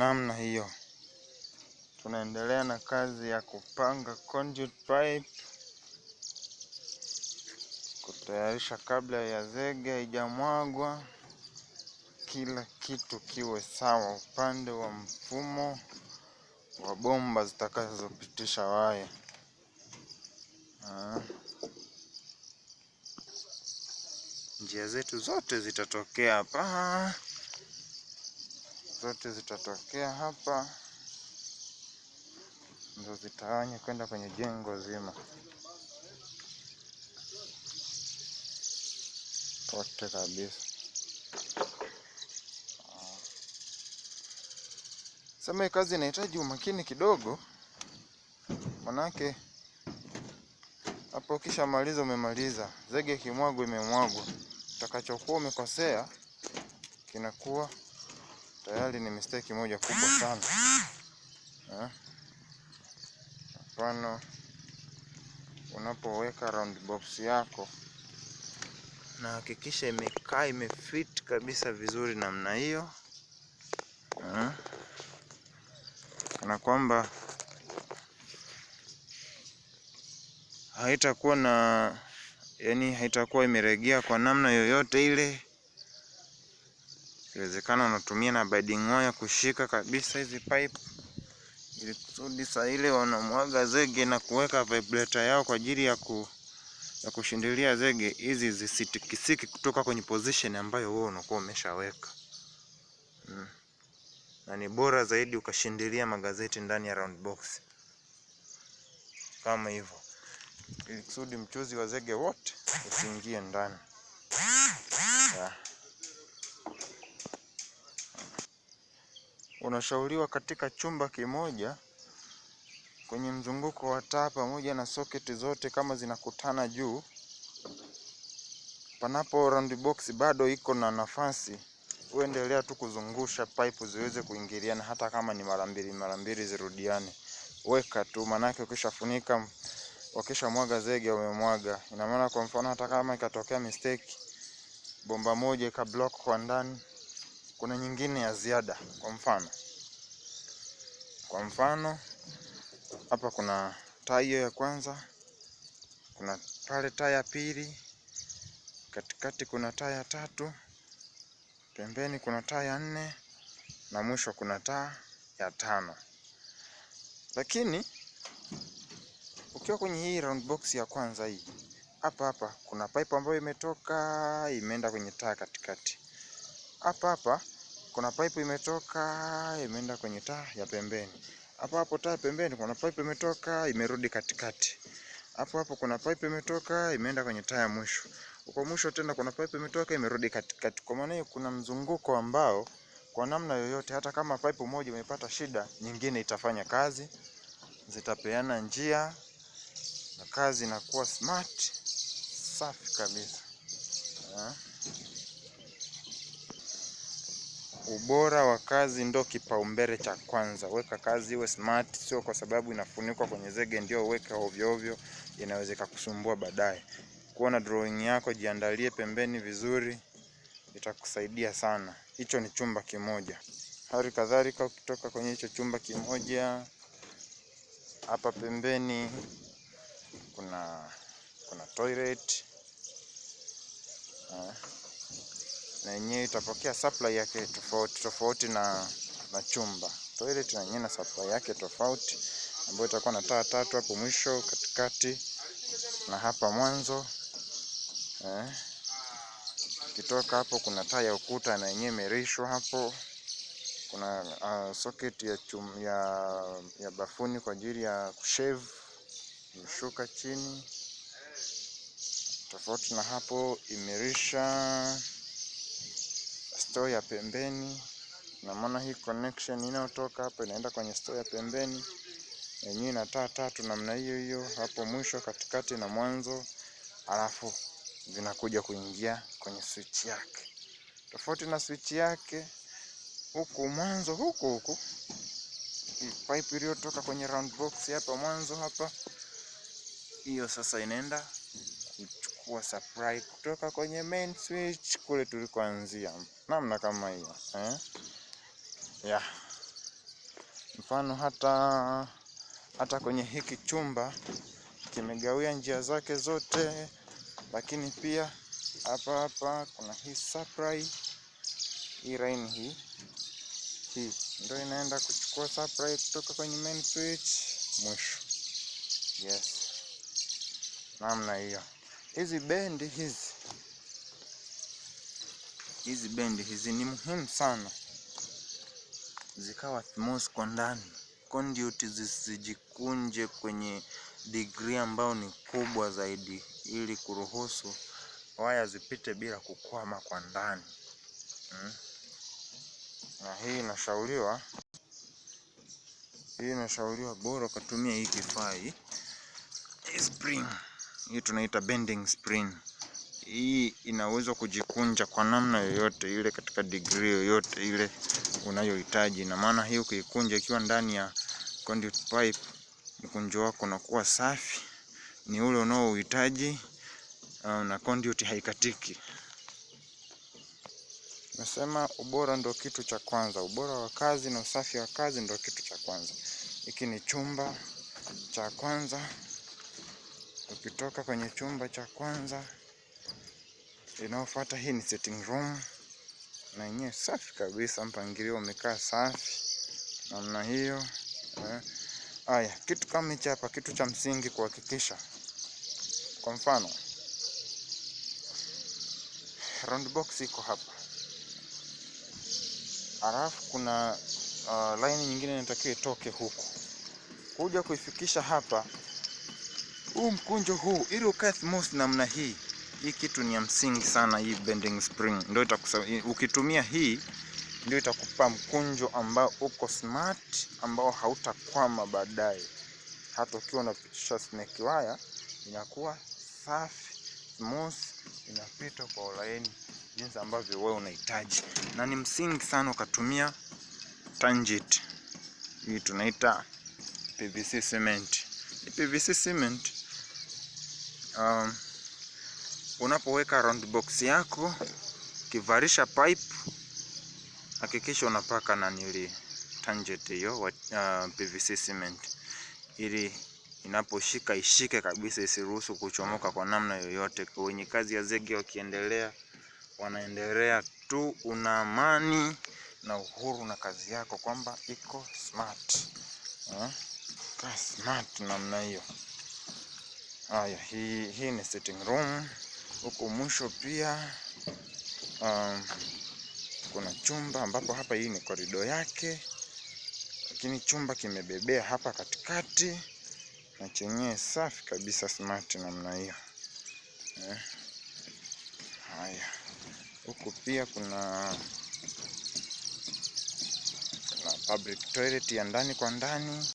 namna hiyo tunaendelea na kazi ya kupanga conduit pipe kutayarisha kabla ya zege haijamwagwa kila kitu kiwe sawa upande wa mfumo wa bomba zitakazopitisha waya ah. njia zetu zote zitatokea hapa zote zitatokea hapa ndo zitawanya kwenda kwenye jengo zima pote kabisa. Sema hii kazi inahitaji umakini kidogo, manake hapo ukishamaliza umemaliza, zege kimwagwa imemwagwa, utakachokuwa umekosea kinakuwa tayari ni mistake moja kubwa sana eh? Mfano, unapoweka round box yako na hakikisha imekaa imefit kabisa vizuri namna hiyo eh? na kwamba haitakuwa na yani haitakuwa imeregea kwa namna yoyote ile iwezekana wanatumia na bading'oya kushika kabisa hizi pipe ili kusudi saa ile wanamwaga zege na kuweka vibrator yao kwa ajili ya, ku, ya kushindilia zege hizi zisitikisiki kutoka kwenye position ambayo wewe unakuwa umeshaweka hmm. Na ni bora zaidi ukashindilia magazeti ndani ya round box kama hivyo, ili kusudi mchuzi wa zege wote usiingie ndani yeah. unashauriwa katika chumba kimoja kwenye mzunguko wa taa pamoja na soketi zote kama zinakutana juu, panapo round box bado iko na nafasi, uendelea tu kuzungusha pipe ziweze kuingiliana, hata kama ni mara mbili mara mbili zirudiane, weka tu. Maanake ukishafunika wakisha mwaga zege, umemwaga. Ina maana kwa mfano hata kama ikatokea mistake, bomba moja block kwa ndani kuna nyingine ya ziada kwa mfano kwa mfano hapa kuna taa hiyo ya kwanza, kuna pale taa ya pili, katikati kuna taa ya tatu, pembeni kuna taa ya nne na mwisho kuna taa ya tano. Lakini ukiwa kwenye hii round box ya kwanza hii, hapa hapa kuna pipe ambayo imetoka imeenda kwenye taa katikati. Hapa hapa kuna pipe imetoka imeenda kwenye taa ya pembeni. Hapo hapo taa pembeni kuna pipe imetoka imerudi katikati. Hapo hapo kuna pipe imetoka imeenda kwenye taa ya mwisho. Huko mwisho tena kuna pipe imetoka imerudi katikati. Kwa maana hiyo kuna mzunguko ambao kwa namna yoyote hata kama pipe moja imepata shida, nyingine itafanya kazi, zitapeana njia na kazi inakuwa smart safi kabisa. ubora wa kazi ndo kipaumbele cha kwanza. Weka kazi iwe smart, sio kwa sababu inafunikwa kwenye zege ndio uweke ovyo ovyo, inaweza kukusumbua baadaye. kuona drawing yako, jiandalie pembeni vizuri, itakusaidia sana. Hicho ni chumba kimoja. Hali kadhalika ukitoka kwenye hicho chumba kimoja, hapa pembeni kuna kuna toilet yenyewe itapokea supply yake tofauti tofauti na, na chumba. Toilet na yenyewe na supply yake tofauti ambayo itakuwa na taa tatu hapo mwisho, katikati na hapa mwanzo eh. Kitoka hapo kuna taa ya ukuta na yenyewe imerishwa hapo. Kuna uh, socket ya, chum, ya, ya bafuni kwa ajili ya kushave imeshuka chini, tofauti na hapo imerisha store ya pembeni na maana hii connection inayotoka hapa inaenda kwenye store ya pembeni yenyewe ina taa tatu namna hiyo hiyo hapo mwisho, katikati na mwanzo, alafu zinakuja kuingia kwenye switch yake. Tofauti na switch yake huku mwanzo huku huku, pipe iliyotoka kwenye round box hapa mwanzo hapa, hiyo sasa inaenda kuwa supply kutoka kwenye main switch kule tulikoanzia, namna kama hiyo eh? Yeah. Mfano hata hata kwenye hiki chumba kimegawia njia zake zote, lakini pia hapa hapa kuna hii supply, hii line hii hii ndio inaenda kuchukua supply kutoka kwenye main switch mwisho. Yes, namna hiyo hizi bendi hizi hizi bendi hizi ni muhimu sana zikawa smooth kwa ndani, conduit zisijikunje kwenye degree ambayo ni kubwa zaidi, ili kuruhusu waya zipite bila kukwama kwa ndani hmm. Na hii inashauriwa hii inashauriwa bora ukatumia hii kifaa hii spring hii tunaita bending spring. Hii inaweza kujikunja kwa namna yoyote ile katika degree yoyote ile unayohitaji. Na maana hii ukiikunja ikiwa ndani ya conduit pipe, mkunjo wako unakuwa safi, ni ule unaohitaji uh, na conduit haikatiki. Nasema ubora ndo kitu cha kwanza, ubora wa kazi na usafi wa kazi ndo kitu cha kwanza. Hiki ni chumba cha kwanza. Ukitoka kwenye chumba cha kwanza inayofuata, hii ni sitting room na yenyewe safi kabisa, mpangilio umekaa safi namna hiyo. Eh. Haya, kitu kama hichi hapa, kitu cha msingi kuhakikisha, kwa mfano round box iko hapa, alafu kuna uh, line nyingine inatakiwa itoke huku kuja kuifikisha hapa huu mkunjo huu ili ukae smooth namna hii, hii kitu ni ya msingi sana. Hii bending spring ndio itakusaidia. Ukitumia hii ndio itakupa mkunjo ambao uko smart, ambao hautakwama baadaye. Hata ukiwa unapitisha snake wire inakuwa safi smooth, inapita kwa ulaini jinsi ambavyo wewe unahitaji, na ni msingi sana ukatumia tangent hii tunaita PVC cement. PVC cement um, unapoweka round box yako kivarisha pipe, hakikisha unapaka nili tangent hiyo uh, PVC cement ili inaposhika ishike kabisa, isiruhusu kuchomoka kwa namna yoyote. Wenye kazi ya zege wakiendelea, wanaendelea tu, una amani na uhuru na kazi yako kwamba iko smart eh? Ka smart namna hiyo. Haya, hii, hii ni sitting room huku mwisho pia um, kuna chumba ambapo hapa hii ni korido yake, lakini chumba kimebebea hapa katikati na chenyewe safi kabisa smart namna hiyo eh. Haya, huku pia kuna kuna public toilet ya ndani kwa ndani